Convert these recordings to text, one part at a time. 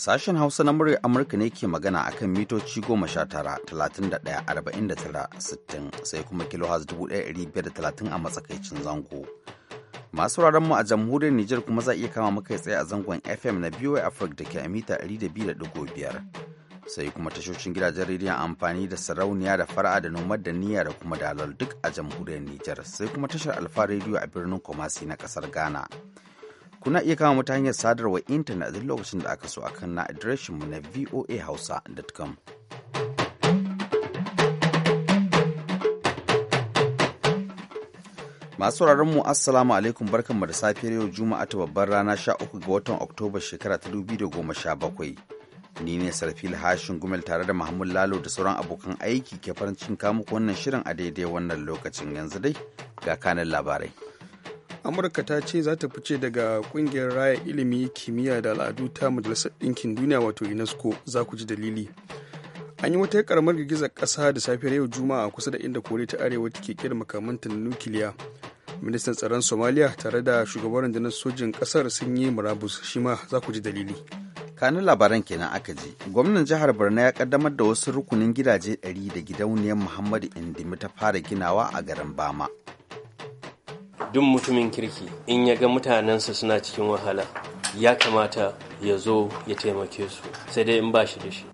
Sashen Hausa na murya Amurka ne ke magana a kan mitoci 19 tara sai kuma kilohaz 1530 a matsakaicin zango. Masu mu a jamhuriyar Nijar kuma za iya kama muka tsaye a zangon FM na BOA Africa da ke a mita 200.5. Sai kuma tashoshin gidajen rediyon amfani da sarauniya da fara'a da nomad da niyya da kuma dalol duk a jamhuriyar Nijar sai kuma tashar Alfa rediyo a birnin Kumasi na kasar Ghana. Kuna iya kama mu ta hanyar sadarwar intanet duk lokacin da aka so akan na adireshin mu na voa voahausa.com. Masu mu Assalamu alaikum barkanmu da safiyar yau Juma'a ta babbar rana 13 ga watan Oktoba shekara ta bakwai Ni ne Sarfil Hashin Gumel tare da Mahmud Lalo da sauran abokan aiki ke farin cin kamuku wannan shirin a daidai wannan lokacin yanzu dai ga kanin labarai. amurka ta ce za ta fice daga kungiyar raya ilimi kimiyya da al'adu ta majalisar ɗinkin duniya wato unesco za ku ji dalili an yi wata karamar girgizar ƙasa da safiyar yau juma'a kusa da inda kore ta arewa take kira makamanta na nukiliya ministan tsaron somaliya tare da shugaban rundunar sojin kasar sun yi murabus shi ma za ku ji dalili kanun labaran kenan aka ji gwamnan jihar borno ya kaddamar da wasu rukunin gidaje 100 da gidauniyar muhammadu indimi ta fara ginawa a garin bama duk mutumin kirki in ya ga mutanensa suna cikin wahala ya kamata ya zo ya taimake su sai dai in ba shi da shi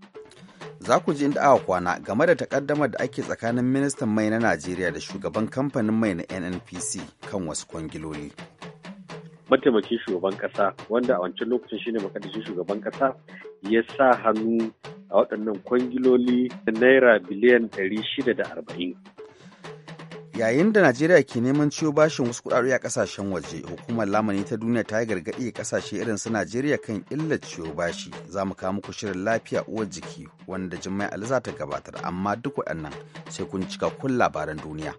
za ku ji inda aka kwana game da takaddamar da ake tsakanin ministan mai na najeriya da shugaban kamfanin mai na nnpc kan wasu kwangiloli mataimakin shugaban kasa wanda a wancan lokacin shine makadashin shugaban kasa ya sa hannu a waɗannan kwangiloli naira biliyan 640 yayin da najeriya ke neman ciwo bashin wasu kudade a kasashen waje hukumar lamani ta duniya ta yi gargaɗi kasashe irin su najeriya kan illar ciwo bashi za mu kawo muku shirin lafiya uwar jiki wanda jimai za ta gabatar amma duk waɗannan sai kun cika kun labaran duniya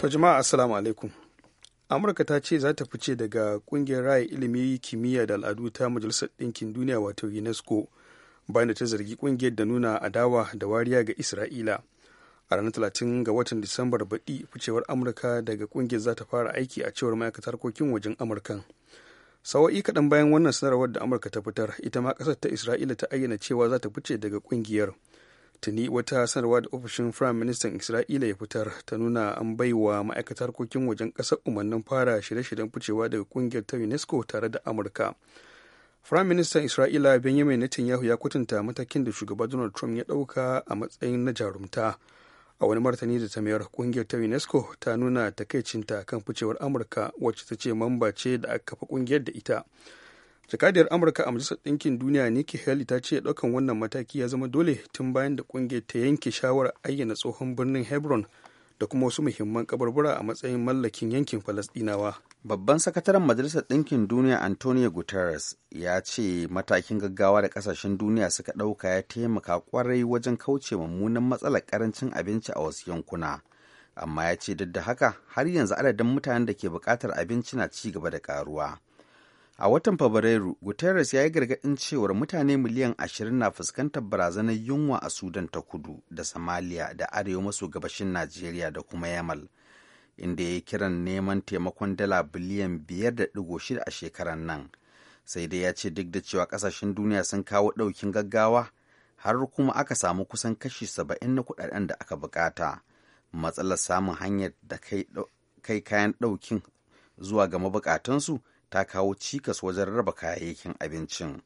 to jama'a assalamu alaikum amurka ta ce za ta fice daga kungiyar raya ilimi kimiyya da al'adu ta majalisar ɗinkin duniya wato unesco bayan da ta zargi kungiyar da nuna adawa da wariya ga isra'ila a ranar 30 ga watan disambar baɗi ficewar amurka daga kungiyar za ta fara aiki a cewar ma'aikatar harkokin wajen amurkan sawa'i kaɗan bayan wannan sanarwar da amurka ta fitar ita ma ƙasar ta isra'ila ta ayyana cewa za ta fice daga kungiyar tuni wata sanarwa da ofishin firayim ministan isra'ila ya fitar ta nuna an bai wa ma'aikatar harkokin wajen ƙasar umarnin fara shirye-shiryen ficewa daga kungiyar ta unesco tare da amurka Firayim Ministan Isra'ila Benjamin Netanyahu ya kwatanta matakin da shugaba Donald Trump ya ɗauka a matsayin na jarumta. A wani martani da ta mayar kungiyar ta UNESCO ta nuna takaicinta kan ficewar Amurka wacce ta ce mamba ce da aka kafa kungiyar da ita. Jakadiyar Amurka a Majalisar Ɗinkin Duniya Nikki Haley ta ce ɗaukan wannan mataki ya zama dole tun bayan da kungiyar ta yanke shawarar ayyana tsohon birnin Hebron da kuma wasu muhimman kabarbura a matsayin mallakin yankin Falasɗinawa. Babban sakataren Majalisar Ɗinkin Duniya Antonio Guterres ya ce matakin gaggawa da ƙasashen duniya suka ɗauka ya taimaka ƙwarai wajen kauce mummunan matsalar ƙarancin abinci a wasu yankuna. Amma ya ce duk da haka har yanzu adadin mutanen da ke buƙatar abinci na ci gaba da ƙaruwa. A watan Fabrairu, Guterres ya yi gargaɗin cewar mutane miliyan ashirin na fuskantar barazanar yunwa a Sudan ta kudu da Somalia da arewa maso gabashin Najeriya da kuma Yamal. inda ya yi kiran neman taimakon dala biliyan 5.6 a shekarar nan sai dai ya ce duk da cewa kasashen duniya sun kawo ɗaukin gaggawa har kuma aka samu kusan kashi 70 na kudaden da aka bukata matsalar samun hanyar da kai kayan ɗaukin zuwa ga mabukatansu ta kawo cikas wajen raba kayayyakin abincin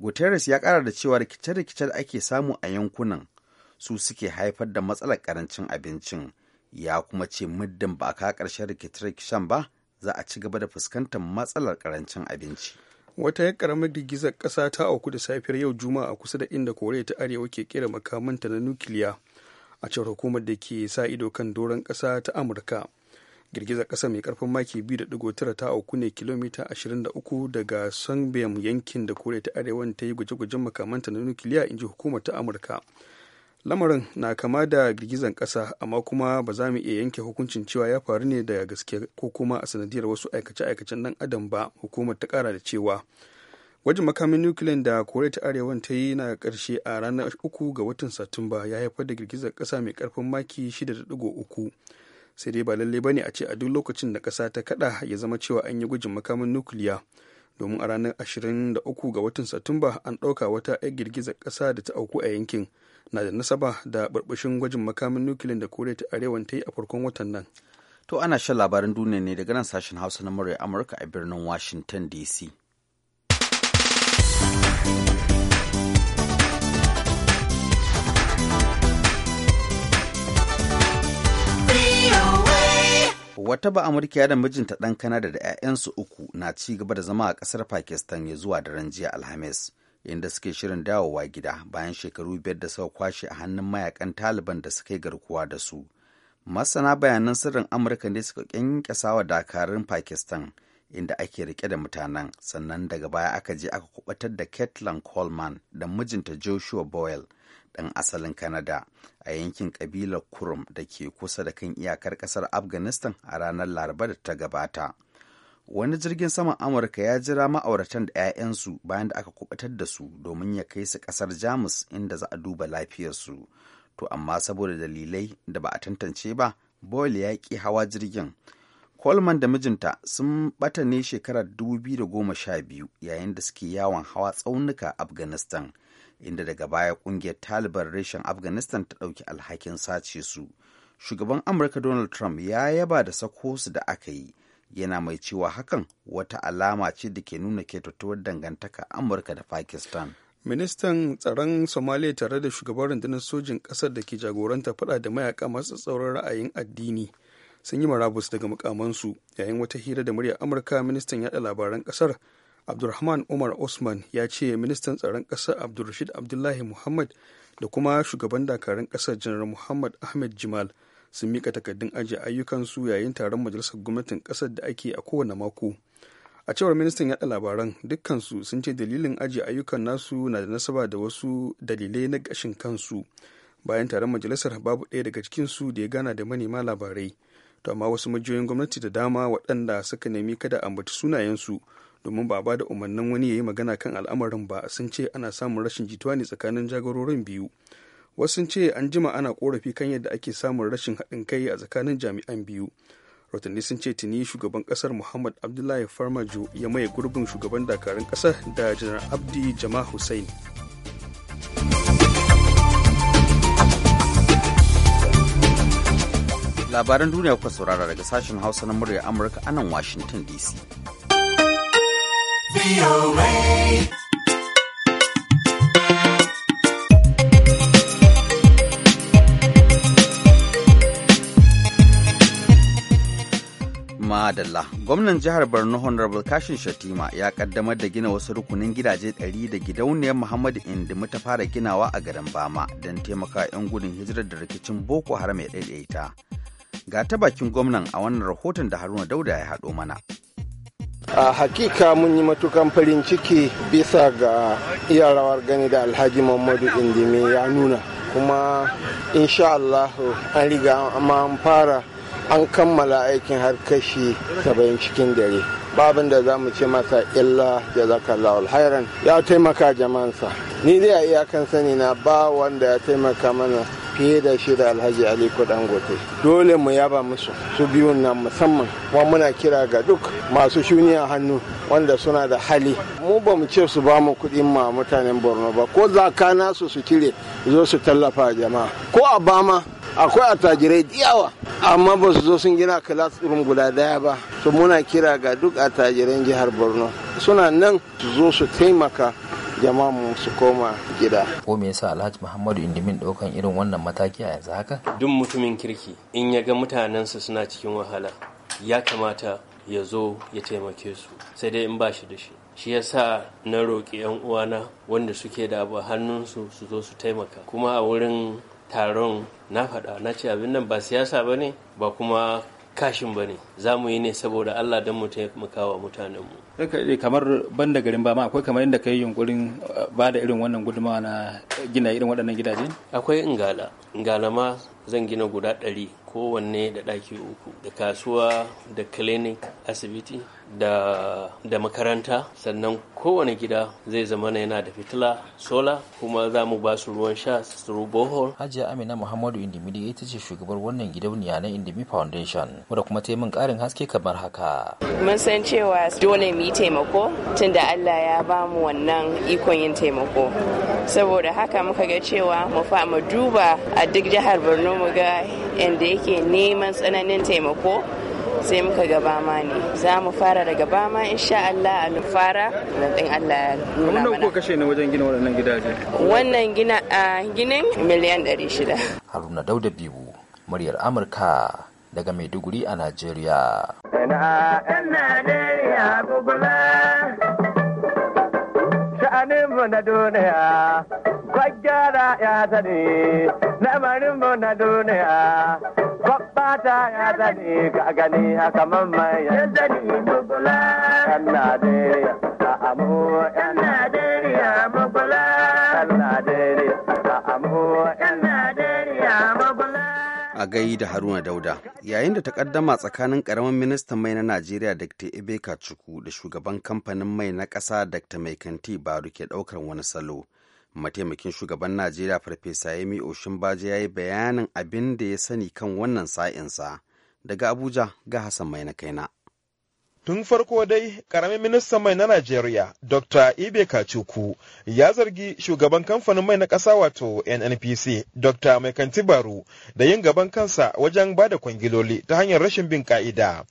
guterres ya ƙara da cewa rikice-rikice da ake samu a yankunan su suke haifar da matsalar karancin abincin ya kuma ce muddin ba a ka ƙarshen rikice-rikicen ba za a ci gaba da fuskantar matsalar karancin abinci. Wata ya karamar girgizar ƙasa ta auku da safiyar yau Juma'a a kusa da inda Koriya ta Arewa ke kera makamanta na nukiliya a cewar hukumar da ke sa ido kan doron ƙasa ta Amurka. Girgizar ƙasa mai karfin maki biyu da digo tara ta auku ne kilomita 23 daga Songbem yankin da Koriya ta Arewa ta yi gwaje-gwajen makamanta na nukiliya in ji hukumar ta Amurka. lamarin na kama da girgizan kasa amma kuma ba za mu iya yanke hukuncin cewa ya faru ne da gaske ko kuma a sanadiyar wasu aikace-aikacen ɗan adam ba hukumar ta kara da cewa gwajin makamin nukiliyan da koriya ta arewan ta yi na karshe a ranar uku ga watan satumba ya haifar da girgizar kasa mai karfin maki 6.3 sai dai ba lallai ne a ce a duk lokacin da kasa ta kaɗa ya zama cewa an yi gwajin makamin nukiliya domin a ranar 23 ga watan satumba an ɗauka wata 'yar girgizar ƙasa da ta auku a yankin na da nasaba da barbashin gwajin makamin nukilin da koriya ta arewa ta yi a farkon watan nan to ana shan labarin duniya ne daga nan sashen hausa na murya amurka a birnin washington dc wata ba ya da mijinta ɗan kanada da 'ya'yansu uku na ci gaba da zama a ƙasar pakistan ya zuwa daren jiya alhamis inda suke shirin dawowa gida bayan shekaru biyar da suka kwashe a hannun mayakan taliban da suka yi garkuwa da su masana bayanan sirrin amurka ne suka kyankyasa wa dakarun pakistan inda ake rike da mutanen sannan daga baya aka je aka kubatar da Caitlin Coleman da mijinta Joshua Boyle dan asalin kanada a yankin kabilar Kurum da ke kusa da kan iyakar ƙasar Afghanistan a ranar Laraba da ta gabata. wani jirgin saman amurka ya jira ma'auratan da 'ya'yansu bayan da aka kubatar da su domin ya kai su kasar jamus inda za a duba lafiyarsu to amma saboda dalilai da ba a tantance ba boyle ya ƙi hawa jirgin coleman da mijinta sun bata ne shekarar 2012 yayin da suke yawon hawa tsaunuka afghanistan inda daga baya kungiyar taliban reshen afghanistan ta ɗauki alhakin sace su shugaban amurka donald trump ya yaba da sako su da aka yi yana mai cewa hakan wata alama ce da ke nuna ketattowar dangantaka amurka da pakistan ministan tsaron somaliya tare da shugaban rundunar sojin ƙasar da ke jagoranta fada da mayaka masu tsauran ra'ayin addini sun yi marabus daga mukamansu yayin wata hira da murya amurka ministan yada labaran ƙasar abdulrahman umar osman ya ce ministan tsaron ƙasar abdulrashid abdullahi muhammad da kuma shugaban dakarun ƙasar janar muhammad ahmed jimal sun mika takaddun ajiye ayyukansu yayin taron majalisar gwamnatin kasar da ake a kowane mako a cewar ministan yaɗa labaran dukkansu sun ce dalilin ajiye ayyukan nasu na da nasaba da wasu dalilai na gashin kansu bayan taron majalisar babu ɗaya daga cikinsu da ya gana da manema labarai to amma wasu majiyoyin gwamnati da dama waɗanda suka nemi kada ambaci sunayensu domin ba ba da umarnin wani ya yi magana kan al'amarin ba sun ce ana samun rashin jituwa ne tsakanin jagororin biyu wasu sun ce an jima ana korafi kan yadda ake samun rashin haɗin kai a tsakanin jami'an biyu rotanni sun ce tuni shugaban kasar muhammad abdullahi farmajo ya maye gurbin shugaban dakarun kasar da janar abdi jama hussein labaran duniya kuka saurara daga sashen hausa na murya amurka anan washington dc Madalla, gwamnan jihar Borno Honorable Kashin Shatima ya kaddamar da gina wasu rukunin gidaje 100 da gidauniyar Muhammadu Indimi ta fara ginawa a garin Bama don taimaka 'yan gudun hijirar da rikicin Boko Haram ya daidaita. Ga ta bakin gwamnan a wannan rahoton da Haruna Dauda ya haɗo mana. a hakika mun yi matukan farin ciki bisa ga iyarawar gani da alhaji muhammadu indimi ya nuna kuma insha Allah an riga an fara an kammala aikin har kashi saba'in cikin dare babin da za mu ce masa illa jazakallahu hairan. ya taimaka jamansa ni dai a iyakan sani na ba wanda ya taimaka mana fiye da shi da alhaji aliko dangote dole mu yaba musu su biyun nan musamman kuma muna kira ga duk masu shuniya hannu wanda suna da hali mu ba mu ce su ba mu kuɗin ma mutanen borno ba ko zaka nasu su kire zo su tallafa jama'a ko a bama akwai attajirai diyawa. amma ba su zo sun gina classroom guda daya ba to muna kira ga duk attajiran jihar borno suna nan su zo su taimaka mu su koma gida. Ko me yasa Alhaji Muhammadu Indimin ɗaukan irin wannan mataki a yanzu haka? Duk mutumin kirki in ya ga mutanensa suna cikin wahala ya kamata ya zo ya taimake su sai dai in ba shi da shi. Shi yasa na roƙi 'yan uwana wanda suke da abu hannunsu su zo su taimaka kuma a wurin taron na faɗa na ce abin nan ba siyasa ba ne ba kuma kashin ba ne za mu yi ne saboda Allah don mu taimaka wa mutanenmu. kamar ban da garin ba ma akwai kamar yadda ka yi yunkurin eh, ba da irin wannan gudunmawa na gina irin waɗannan gidaje? akwai ingala ingala ma zan gina guda ɗari kowanne da ɗaki uku da kasuwa da clinic asibiti da, da makaranta sannan kowane gida zai zama na yana da fitila sola kuma za mu ba su ruwan sha su bohol. hajiya amina muhammadu indimidi ita ce shugabar wannan gidauniya na indimi foundation wadda kuma ta yi min karin haske kamar haka mun san cewa dole mu yi taimako tunda allah ya ba mu wannan ikon yin taimako saboda haka muka ga cewa mu fa mu duba a duk jihar borno mu ga inda yake neman tsananin taimako sai muka gaba ma ne za mu fara daga bama insha Allah a fara na ɗin Allah ya nuna mana ko kashe ne wajen gina waɗannan gidaje wannan gina a ginin miliyan 600 Haruna Dauda Biyu muryar Amurka daga Maiduguri a Najeriya sha'aninmu na duniya, kwaggara ya sani, lamarinmu na duniya, Babba ta ya zane ka gani haka mamman ya zane mugula. Yan Najeriya a amo yan Najeriya mugula. Yan Najeriya a amo yan Najeriya mugula. A gai da Haruna Dauda, yayin da takaddama tsakanin karamin ministan mai na Najeriya Dr. Ebe Kachuku da shugaban kamfanin mai na ƙasa Dr. Mai Kanti Baru ke ɗaukar wani salo. mataimakin shugaban najeriya farfesa yemi oshinbaje ya yi bayanin abin da ya sani kan wannan sa'insa daga abuja ga hassan mai na kaina Tun farko dai, karamin ministan mai na Najeriya, Dr. Ibe Kachuku, ya zargi shugaban kamfanin mai na ƙasa wato NNPC, Dr. Mai Kantibaru, da yin gaban kansa wajen ba da kwangiloli ta hanyar rashin bin ƙa'ida.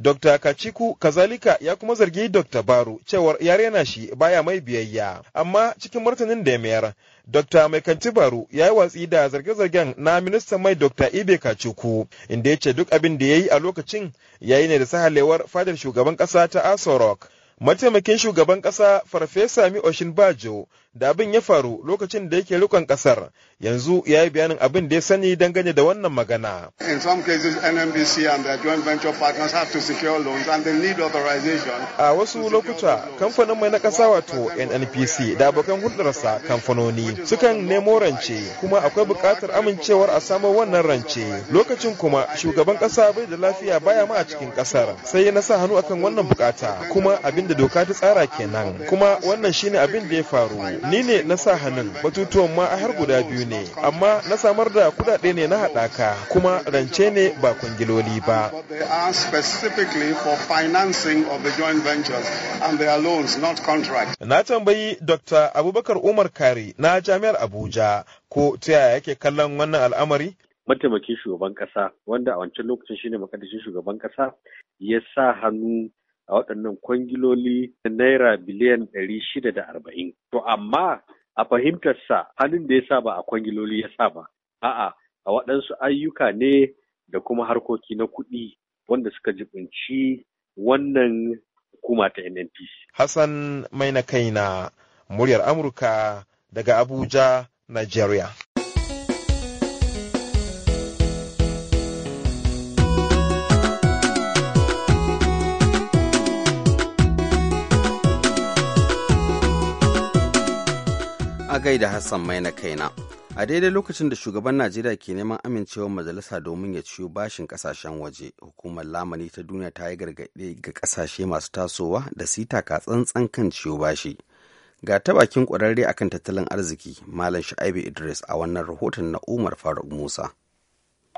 Dr. Kachiku kazalika ya kuma zargi Dr. Baru cewar ya rena shi baya mai biyayya. Amma cikin martanin da ya mayar, Dr. Mai baru ya yi watsi da zarge-zargen na ministan mai Dr. Ibe Kachiku, inda ya ce duk abin da ya yi a lokacin ya yi ne da sahalewar fadar shugaban ƙasa ta Aso Rock. Mataimakin shugaban ƙasa Farfesa Mi Oshin Bajo da abin ya faru lokacin da yake rikon kasar yanzu ya yi bayanin abin da ya sani dangane da wannan magana. In some cases NMBC and their joint venture partners have to secure loans and they need authorization. A wasu lokuta kamfanin mai na kasa wato NNPC da abokan hulɗarsa kamfanoni sukan nemo rance kuma akwai buƙatar amincewar a samar wannan rance lokacin kuma shugaban ƙasa bai da lafiya baya ma a cikin ƙasar sai ya nasa hannu akan wannan buƙata kuma abin da doka ta tsara kenan kuma wannan shine abin da ya faru ni ne na sa hannun batutuwan ma har guda biyu ne amma na samar da kudade ne na haɗaka kuma rance ne ba kwangiloli ba na tambayi dr abubakar umar kari na jami'ar abuja ko ta yaya yake kallon wannan al'amari mataimakin shugaban kasa wanda a wancan lokacin shine makaddashin shugaban kasa ya sa hannu a waɗannan kwangiloli na naira biliyan ɗari shida da arba'in. To amma a fahimtarsa halin da ya sa ba a kwangiloli ya sa ba, a'a a waɗansu ayyuka ne da kuma harkoki na kuɗi wanda suka jibinci wannan hukuma ta NNPC. Hassan kai na muryar Amurka daga Abuja, Nigeria. a gaida Hassan mai na kaina. A daidai lokacin da shugaban Najeriya ke neman amincewar majalisa domin ya ciyo bashin kasashen waje, hukumar lamani ta duniya ta yi gargaɗe ga kasashe masu tasowa da su taka tsantsan kan ciyo bashi. Ga ta bakin ƙwararre akan tattalin arziki, Malam Shu'aibu Idris a wannan rahoton na Umar Faruk Musa.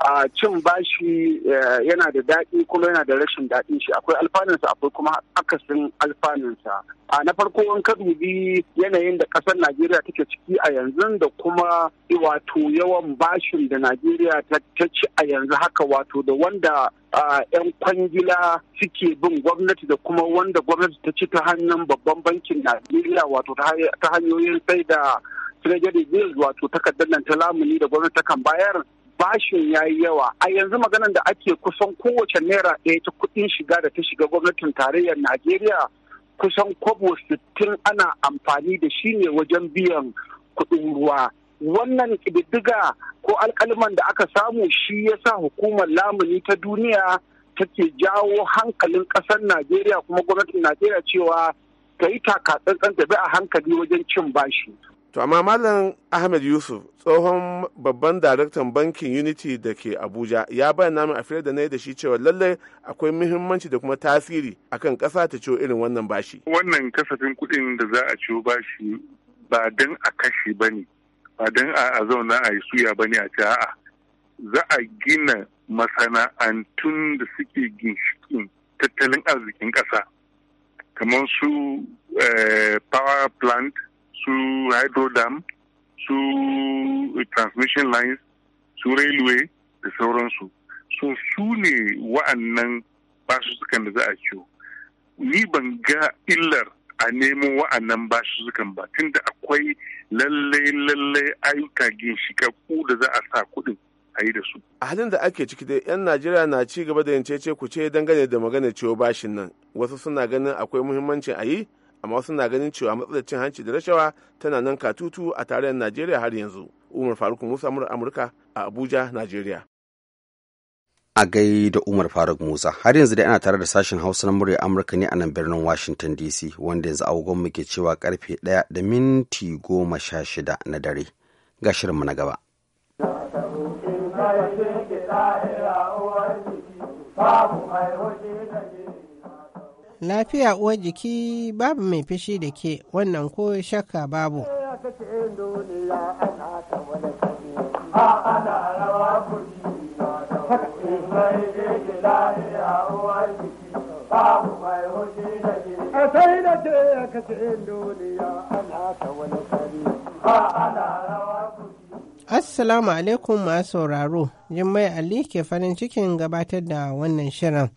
a cin bashi eh, yana da daɗi kuma yana da rashin daɗin shi akwai alfanunsa akwai kuma akasin alfanunsa a na farko an ka dubi yanayin da ƙasar najeriya take ciki a yanzu da kuma eh, wato yawan bashin da najeriya ta ci a yanzu haka wato da wanda yan kwangila suke bin gwamnati da kuma wanda gwamnati ta ci ta hannun babban bankin najeriya wato ta hanyoyin sai da bills wato takardar nan ta lamuni da gwamnati ta kan bayar bashin ya yi yawa a yanzu maganan da ake kusan kowace naira ɗaya ta kuɗin shiga da ta shiga gwamnatin tarayyar najeriya kusan kobo sittin ana amfani da shi ne wajen biyan kuɗin ruwa wannan ƙididdiga ko alkaliman da aka samu shi ya sa hukumar lamuni ta duniya take jawo hankalin ƙasar najeriya kuma gwamnatin najeriya cewa ta yi takatsantsan bi a hankali wajen cin bashi to amma malam ahmed yusuf tsohon babban daraktan bankin unity da ke abuja ya bayyana min a da na yi da shi cewa lallai akwai muhimmanci da kuma tasiri akan ƙasa ta ciwo irin wannan bashi wannan kasafin kuɗin da za a ciwo bashi ba don a kashe ba ne ba don a zauna a yi suya ba ne a ce a'a za a gina masana'antun da suke ginshikin tattalin arzikin ƙasa kamar su eh, power plant su hydro dam su eh, transmission lines su railway da sauransu so su ne wa'annan basussukan da za a ciwo ni ban ga illar a nemo wa'annan basussukan ba tunda akwai lallai lallai ayyuka ginshikakku da za a sa kuɗin a yi da su. A halin da ake ciki da 'yan Najeriya na ci gaba da ce ku ce dangane da magana ciwo bashin nan. Wasu suna ganin akwai muhimmancin a yi, amma wasu na ganin cewa matsalar cin hanci da rashawa tana nan katutu a tarayyar najeriya har yanzu umar faruk musa mura amurka a abuja najeriya a gai da umar faruk musa har yanzu dai ana tare da sashen hausa na murya amurka ne a nan birnin washington dc wanda yanzu agogon muke cewa karfe ɗaya da minti goma sha shida na dare ga shirinmu na gaba babu mai Lafiya uwar jiki babu mai fishi da ke wannan ko shakka babu. Assalamu alaikum masu sauraro, Jummai Ali ke farin cikin gabatar da wannan shirin.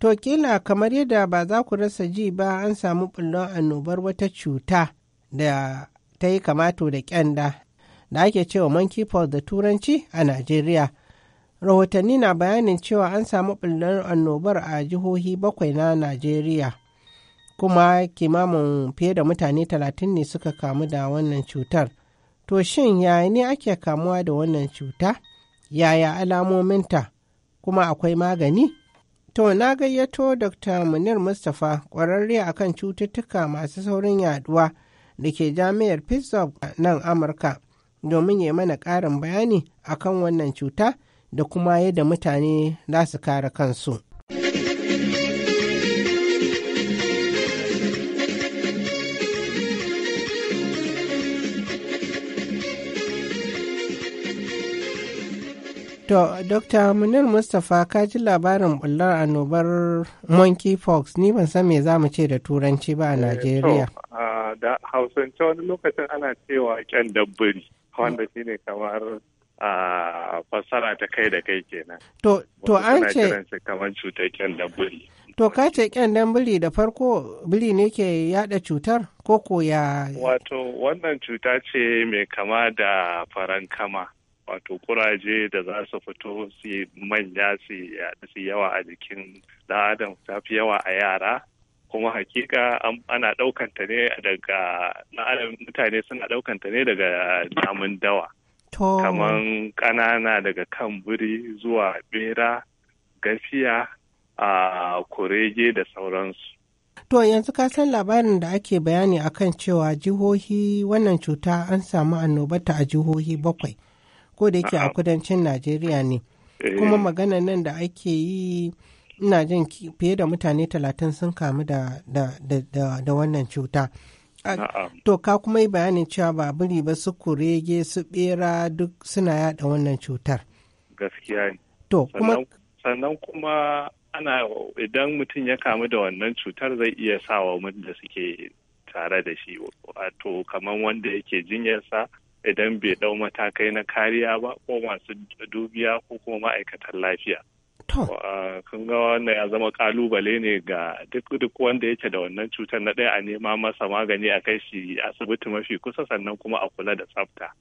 To kila kamar yadda ba za ku rasa ji ba an samu bullon annobar wata cuta da ta yi kamato da kyanda da ake cewa monkeypox da turanci a Najeriya. Rahotanni na bayanin cewa an samu bullon annobar a jihohi bakwai na Najeriya. Kuma kimamin fiye da mutane talatin ne suka kamu da wannan cutar. To shin yaya ne ake kamuwa da wannan cuta? Yaya alamominta? Kuma akwai magani? To na gayyato Dr. Munir Mustapha ƙwararre akan cututtuka masu saurin yaduwa da ke jami'ar Pittsburgh nan Amurka domin ya mana ƙarin bayani akan wannan cuta da kuma yadda mutane za su kare kansu. To, Dokta Munir Mustapha ka ji labarin bullar annobar monkeypox ni ban san me za mu ce da turanci ba a eh, Najeriya. Da hausance wani lokacin ana cewa kyan dabbari, wanda mm. shi ne kamar fassara ta kai da kai kenan. To, to an ce. kamar cutar kyan dabbari. To, ka ce kyan dabbari da farko biri ne ke yada cutar ko ko ya. Wato, wannan cuta ce mai kama da farankama. wato kuraje da za su fito su manya su yawa a jikin ɗan adam ta fi yawa a yara kuma hakika ana ɗaukanta ne daga mutane suna ɗaukanta ne daga namun dawa kaman ƙanana daga kan buri zuwa bera gafiya a kurege da sauransu To yanzu ka san labarin da ake bayani akan cewa jihohi wannan cuta an samu annobarta a jihohi bakwai. ko da yake a kudancin najeriya ne eh. kuma magana nan da ake yi ina jin fiye da mutane talatin sun kamu da, da, wannan cuta to ka kuma yi bayanin cewa ba biri ba su kurege su bera duk suna yada wannan cutar gaskiya ne to kuma sannan kuma ana idan mutum ya kamu da wannan cutar zai iya sawa da suke tare da shi wato kamar wanda yake jinyarsa idan bai dau matakai na kariya ba ko masu dubiya ko kuma ma'aikatan lafiya. Kun ga wannan ya zama kalubale ne ga duk duk wanda yake da wannan cutar na ɗaya a nema masa magani a kai shi asibiti mafi kusa sannan kuma a kula da tsafta.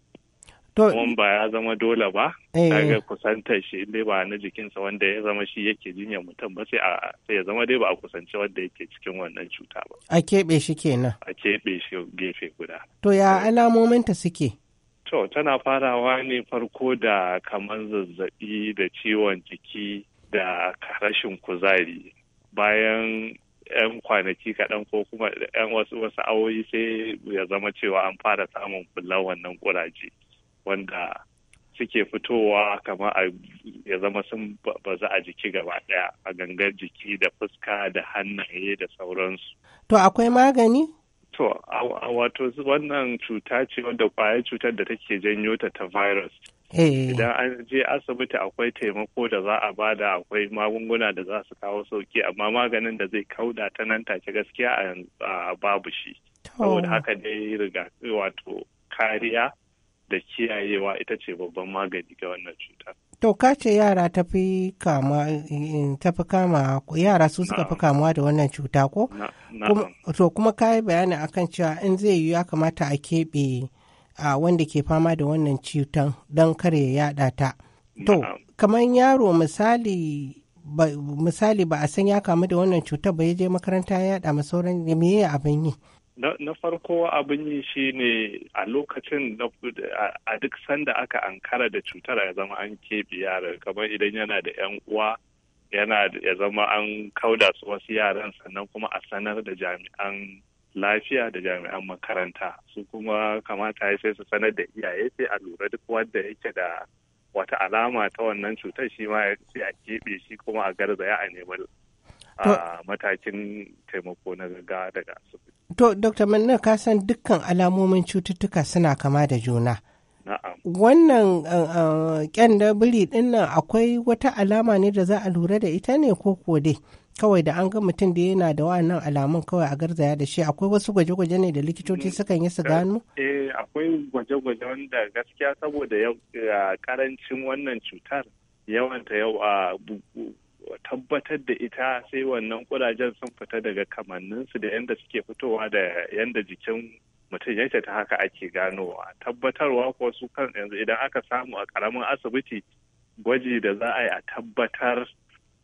Kuma ba ya zama dole ba, daga eh. kusantar shi dai ba na jikinsa wanda ya zama shi yake jinyar mutum ba sai ya zama dai ba a kusance wanda yake cikin wannan cuta ba. A keɓe shi kenan. A keɓe shi gefe guda. To ya eh. alamominta suke? To, tana farawa ne farko da kamar zazzaɓi da ciwon jiki da rashin kuzari. Bayan 'yan kwanaki kaɗan ko kuma 'yan wasu wasu awoyi sai ya zama cewa an fara samun bulan wannan ƙuraje wanda suke fitowa kama ya zama sun baza a jiki gaba ɗaya a gangar jiki da fuska da hannaye da sauransu. To, akwai magani? To, a wato wannan cuta ce wadda kwayar cutar da take janyo ta ta virus. Eh. Idan an je asibiti akwai taimako da za a bada akwai magunguna da za su kawo sauki amma maganin da zai kauda ta nan take gaskiya a babu shi. Saboda haka dai riga wato kariya da kiyayewa ita ce babban magani ga wannan cutar. To ka ce yara tafi kama kama yara su suka fi kamuwa da wannan cuta ko? To kuma ka yi bayani akan cewa in zai yi ya kamata a keɓe a wanda ke fama da wannan cutan don kare yaɗa ta. To kamar yaro misali misali ba a san ya kamu da wannan cutar ba ya je makaranta ya yaɗa masauran me abin yi? na farko abin yi shi ne a lokacin a duk sanda aka ankara da cutar ya zama an keɓe yaran kamar idan yana da 'yan uwa yana ya zama an kauda su wasu yaran sannan kuma a sanar da jami'an lafiya da jami'an makaranta su kuma kamata ya sai su sanar da iyaye sai a lura duk wanda yake da wata alama ta wannan cutar shi ma sai a keɓe shi kuma a garzaya a neman a matakin taimako na gaga daga asibiti. To, Dr. Manna, ka san dukkan alamomin cututtuka suna kama da juna. Wannan uh, uh, ƙyanda biri dinnan akwai wata alama ne da za a lura da ita ne ko ko Kawai da an ga mutum da yana da wannan alamun kawai a garzaya da shi akwai wasu gwaje-gwaje ne da likitoci mm. sukan yi su gano? Eh, akwai gwaje-gwaje wanda gaskiya saboda karancin uh, wannan cutar yawanta yau a tabbatar da ita sai wannan kudajen sun fita daga kamanninsu da yadda suke fitowa da yadda jikin mutum yake ta haka ake ganowa tabbatarwa ko su kan yanzu idan aka samu a karamin asibiti gwaji da za a yi a tabbatar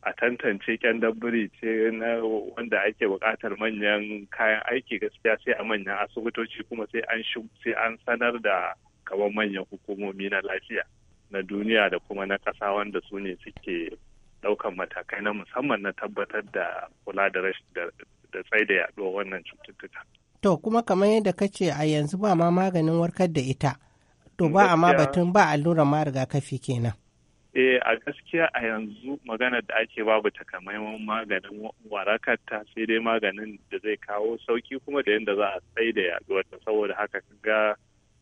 a tantance kyan dabbiri ce na wanda ake buƙatar manyan kayan aiki gaskiya sai a manyan asibitoci kuma sai an sai an sanar da kamar manyan hukumomi na lafiya na duniya da kuma na ƙasa wanda su ne suke Daukan matakai na musamman na tabbatar da kula da da tsaida yaduwa wannan cututtuka. To kuma kamar yadda ka ce a yanzu ba ma maganin warkar da ita, to ba a ma batun ba allurar ma rigakafi kenan. Eh a gaskiya a yanzu maganar da ake babu takamaiman maganin warakar sai dai maganin da zai kawo sauki kuma da yadda za a tsaida yaɗuwar ta saboda haka ga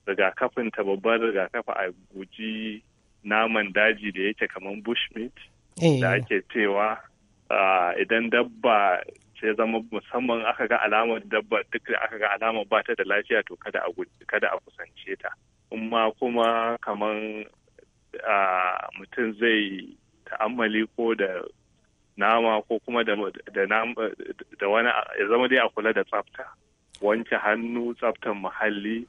rigakafin ta babbar rigakafi a guji naman daji da yake kamar bushmeat Eh. da ake cewa ah, idan dabba sai zama musamman aka ga alamar dabba duk da aka ga alamar ba ta da lafiya to kada a kada a kusance ta in kuma kaman ah, mutum zai ta'ammali ko da nama ko kuma da da wani ya zama dai a kula da tsafta wanke hannu tsaftar muhalli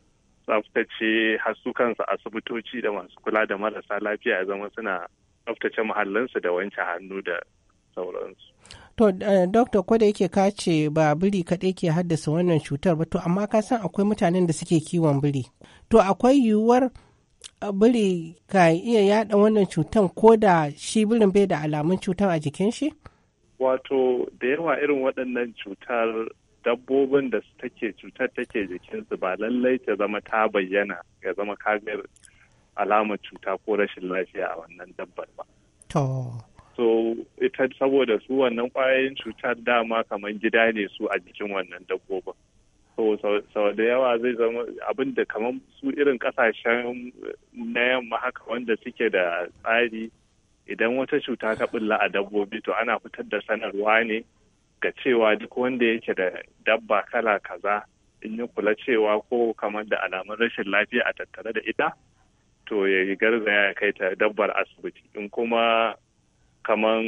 tsaftace har su asibitoci da masu kula da marasa lafiya ya zama suna tsaftace muhallinsu da wanke hannu da sauransu. To, eh, Dokta, ko da yake kace ba biri kaɗai ke haddasa wannan cutar ba, to amma ka san akwai mutanen da suke kiwon biri. To, akwai yiwuwar eh, biri ka iya yaɗa wannan cutar ko da shi birin bai da alamun cutar a jikin shi? Wato, da yawa irin waɗannan cutar dabbobin da take cutar take jikinsu ba lallai ta zama ta bayyana ya zama kamar alamar cuta ko rashin lafiya a wannan dabbar ba. So ita saboda su wannan ƙwayoyin cutar dama kamar gida ne su a jikin wannan dabbobin. So sau da yawa zai zama abin da kamar su irin ƙasashen na yamma haka wanda suke da tsari idan wata cuta ta bulla a dabbobi to ana fitar da sanarwa ne ga cewa duk wanda yake da dabba kala kaza in yi kula cewa ko kamar da alamun rashin lafiya a tattare da ita to ya yi garzaya ya kai ta dabbar asibiti in kuma kaman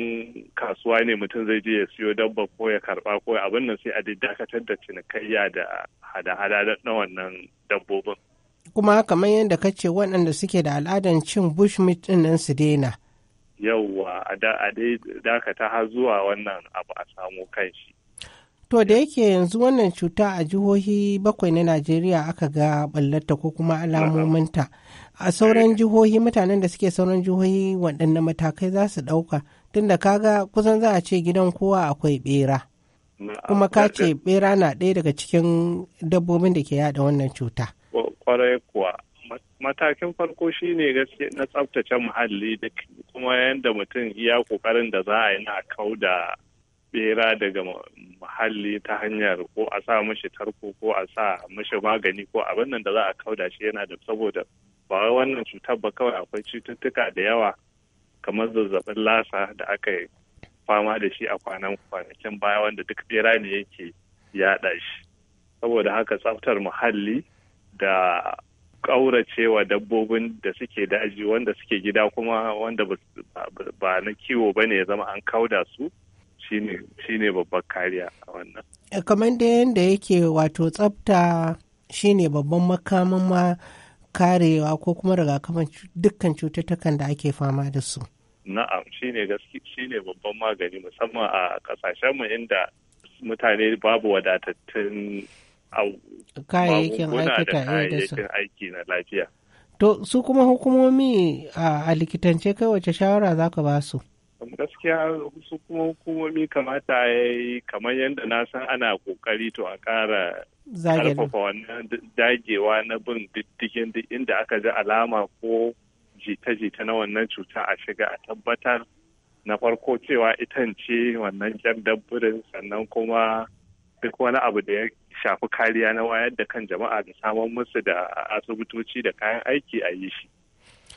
kasuwa ne mutum zai je ya siyo dabba ko ya karba ko abin nan sai a dakatar da cinikayya da hada-hada na wannan dabbobin. Kuma kamar yadda ka ce waɗanda suke da al'adar cin bushmeat din nan su daina. Yawwa a dai dakata har zuwa wannan abu a samu kan shi. To da yake yanzu wannan cuta a jihohi bakwai na Najeriya aka ga ballata ko kuma alamominta. a sauran jihohi mutanen da suke sauran jihohi waɗanne matakai za su ɗauka tunda kaga kusan za a ce gidan kowa akwai bera kuma ka ce bera na ɗaya daga cikin dabbobin da ke yada wannan cuta kwarai kuwa matakin farko shine gaske na tsaftace muhalli da kuma yadda mutum iya kokarin da za a yi na kau da bera daga muhalli ta hanyar ko a sa mashi tarko ko a sa mashi magani ko abin nan da za a kauda shi yana da saboda ba wannan cutar ba kawai akwai cututtuka da yawa kamar zazzabin lasa da aka yi fama da shi a kwanan kwanakin baya wanda duk bera ne yake yaɗa shi saboda haka tsaftar muhalli da ƙauracewa dabbobin da suke daji wanda suke gida kuma wanda ba na kiwo ba ne ya zama an kauda su shine babbar kariya a wannan. Eh, kamar da yake wato tsafta shine babban makamin ma karewa ko kuma rigakafin dukkan cututtukan da ake fama da su. Na'am shine ne babban magani musamman a kasashen mu inda mutane babu wadatattun kayayyakin aiki na lafiya. To su kuma hukumomi a likitance kai wace shawara za ka ba su? gaskiya su kuma hukumomi kamata ya yi kamar yadda na san ana kokari to a kara karfafa wannan dagewa na bin diddigin duk inda aka ji alama ko jita-jita na wannan cuta a shiga a tabbatar na farko cewa itan ce wannan jan dabburin sannan kuma duk wani abu da ya shafi kariya na wayar da kan jama'a da samun musu da asibitoci da kayan aiki a yi shi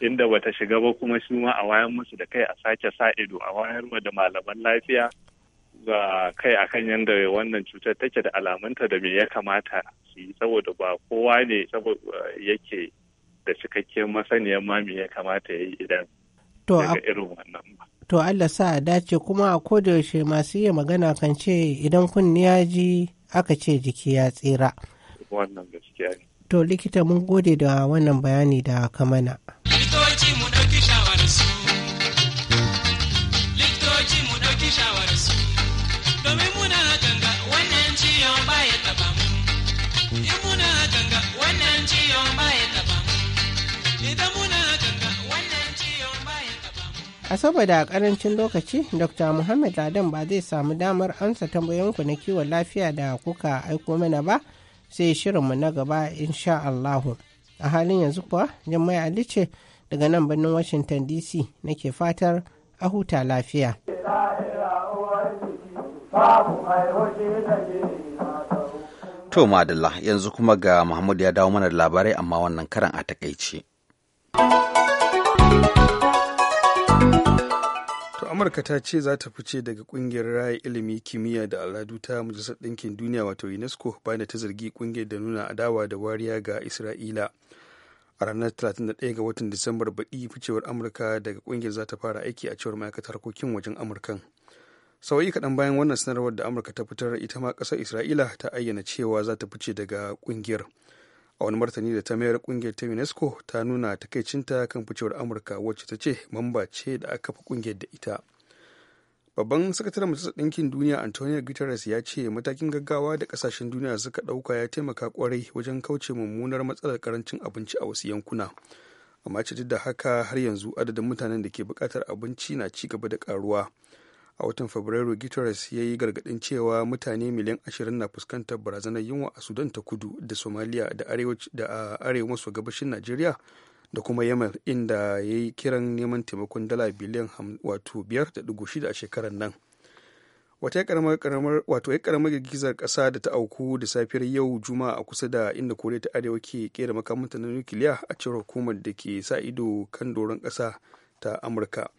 inda bata shiga ba kuma shi ma a wayan musu da kai a sake sa ido a wayar ma da malaman lafiya ga kai akan yadda wannan cutar take da alamunta da me ya kamata su yi saboda ba kowa ne saboda yake da cikakken masaniyar ma me ya kamata ya yi idan daga irin wannan ba. To Allah sa a dace kuma a yaushe masu iya magana kan ce idan kunni ya ji aka ce jiki ya tsira. Wannan gaskiya ne. To likita mun gode da wannan bayani da kamana. mana. a saboda a karancin lokaci dr muhammad adam ba zai samu damar amsa tambayoyinku na kiwon lafiya da kuka aiko mana ba sai shirinmu na gaba insha allahu a halin yanzu kuwa Jummai ali ce daga nan birnin washington dc nake fatar a huta lafiya to madalla yanzu kuma ga muhammad ya dawo mana da labarai amma wannan karan a takaice amurka ta ce za ta fice daga kungiyar raya ilimi kimiyya da al'adu ta majalisar ɗinkin duniya wato unesco bayan da ta zargi kungiyar da nuna adawa da wariya ga isra'ila a ranar 31 ga watan disambar baɗi ficewar amurka daga kungiyar za ta fara aiki a cewar ma'aikatar harkokin wajen amurkan sauyi kaɗan bayan wannan sanarwar da amurka ta fitar ita ma ƙasar isra'ila ta ayyana cewa za ta fice daga kungiyar a wani martani da ta mayar kungiyar ta unesco ta nuna takaicinta kan ficewar amurka wacce ta ce mamba ce da aka fi kungiyar da ita babban sakataren majalisar ɗinkin duniya antonio guterres ya ce matakin gaggawa da ƙasashen duniya suka ɗauka ya taimaka kwarai wajen kauce mummunar matsalar karancin abinci a wasu yankuna amma ce duk da haka har yanzu adadin mutanen da ke buƙatar abinci na ci gaba da ƙaruwa a watan fabrairu guterres ya yi gargadin cewa mutane miliyan ashirin na fuskantar barazanar yunwa a sudan ta kudu da somalia da a arewa maso gabashin najeriya da kuma yamal inda ya yi kiran neman taimakon dala biliyan wato shida a shekarar nan wata karamar karamar wato karamar girgizar kasa da ta auku da safiyar yau juma'a a kusa da inda koriya ta arewa ke kera makamanta na nukiliya a cewar hukumar da ke sa ido kan doron kasa ta amurka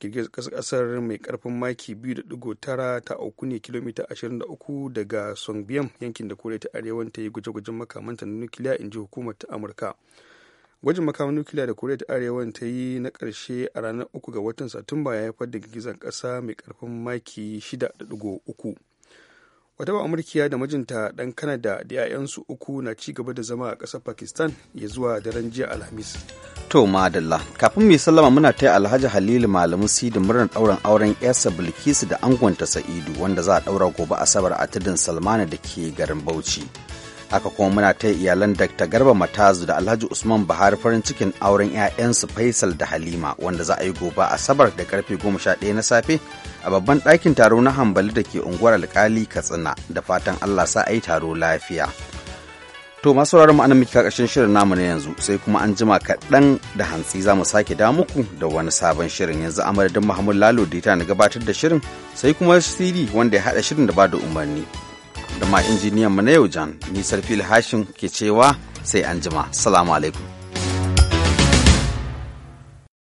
girgizar kasar mai karfin maki 2.9 ta auku ne kilomita 23 daga songbiyam yankin da koriya ta arewan ta yi guje-gujen makamanta na nukiliya in ji hukumar ta amurka gwajin makaman nukiliya da koriya ta arewan ta yi na karshe a ranar 3 ga watan satumba ya haifar da girgizar kasa mai karfin maki 6.3 wata ba amurkiya da mijinta dan kanada da 'ya'yansu uku na ci gaba da zama a ƙasar pakistan ya zuwa daren jiya alhamis to madalla kafin mai sallama muna ta alhaji halilu malamu si da murnar ɗaurin auren yarsa bilkisu da angonta sa'idu wanda za a ɗaura gobe asabar a tudun salmana da ke garin bauchi haka kuma muna ta iyalan Dr. Garba Matazu da Alhaji Usman bahar farin cikin auren 'ya'yansu Faisal da Halima wanda za a yi gobe Asabar da karfe 11 na safe a babban ɗakin taro na Hambali da ke unguwar Alkali Katsina da fatan Allah sa a yi taro lafiya. To masu mu anan muke ƙarshen shirin namu na yanzu sai kuma an jima kaɗan da hantsi za mu sake da muku da wani sabon shirin yanzu amadadin Muhammad Lalo da na gabatar da shirin sai kuma CD wanda ya haɗa shirin da ba da umarni da ma injiniyan mu na yau jan nisar sarfil hashin ke cewa sai an jima salamu alaikum